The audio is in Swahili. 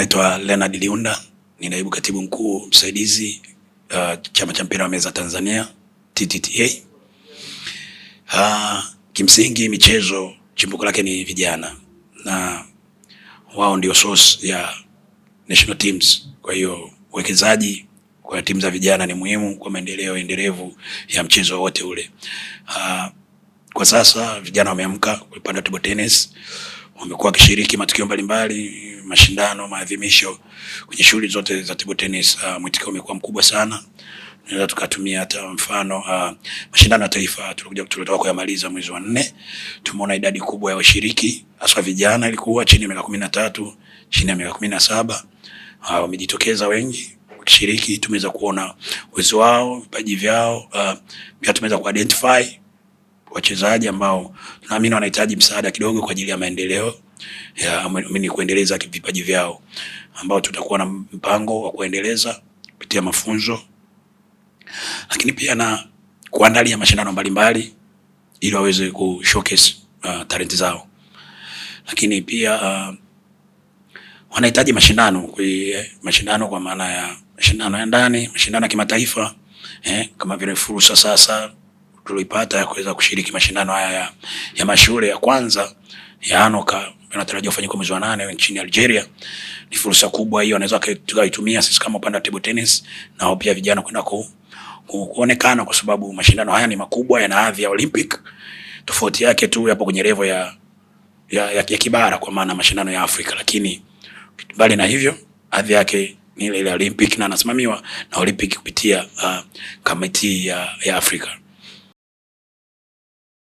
Naitwa Leonard Liunda, ni naibu katibu mkuu msaidizi uh, chama cha mpira wa meza Tanzania TTTA. Uh, kimsingi michezo chimbuko lake ni vijana na wao ndio source ya national teams. Kwa hiyo uwekezaji kwa timu za vijana ni muhimu kwa maendeleo endelevu ya mchezo wote ule. Uh, kwa sasa vijana wameamka kwa upande wa table tennis, wamekuwa wakishiriki matukio mbalimbali mashindano, maadhimisho, kwenye shughuli zote za table tennis uh, mwitikio umekuwa mkubwa sana. Tunaweza tukatumia hata mfano uh, mashindano ya taifa tulikuja tulitoka kuyamaliza mwezi wa nne, tumeona idadi kubwa ya washiriki hasa vijana, ilikuwa chini ya miaka kumi na tatu chini ya miaka kumi na saba uh, wamejitokeza wengi wakishiriki. Tumeweza kuona uwezo wao, vipaji vyao, uh, pia uh, tumeweza kuidentify wachezaji ambao tunaamini wanahitaji msaada kidogo kwa ajili ya maendeleo ya ni kuendeleza vipaji vyao, ambao tutakuwa na mpango wa kuendeleza kupitia mafunzo, lakini pia na kuandalia mashindano mbalimbali ili waweze ku showcase uh, talenti zao, lakini pia uh, wanahitaji mashindano kwa eh, mashindano kwa maana ya mashindano ya ndani, mashindano ya kimataifa eh, kama vile fursa sasa tulipata ya kuweza kushiriki mashindano haya ya, ya mashule ya kwanza ya Anoka anatarajiwa kufanyika mwezi wa nane nchini Algeria. Ni fursa kubwa hiyo, anaweza tukaitumia sisi kama upande wa table tennis na wao pia vijana kwenda ku, ku, kuonekana kwa sababu mashindano haya ni makubwa, yana hadhi ya Olympic. Tofauti yake tu yapo kwenye level ya ya, ya, ya kibara kwa maana mashindano ya Afrika, lakini mbali na hivyo hadhi yake ni ile ile Olympic na anasimamiwa na Olympic kupitia uh, kamati ya, ya Afrika.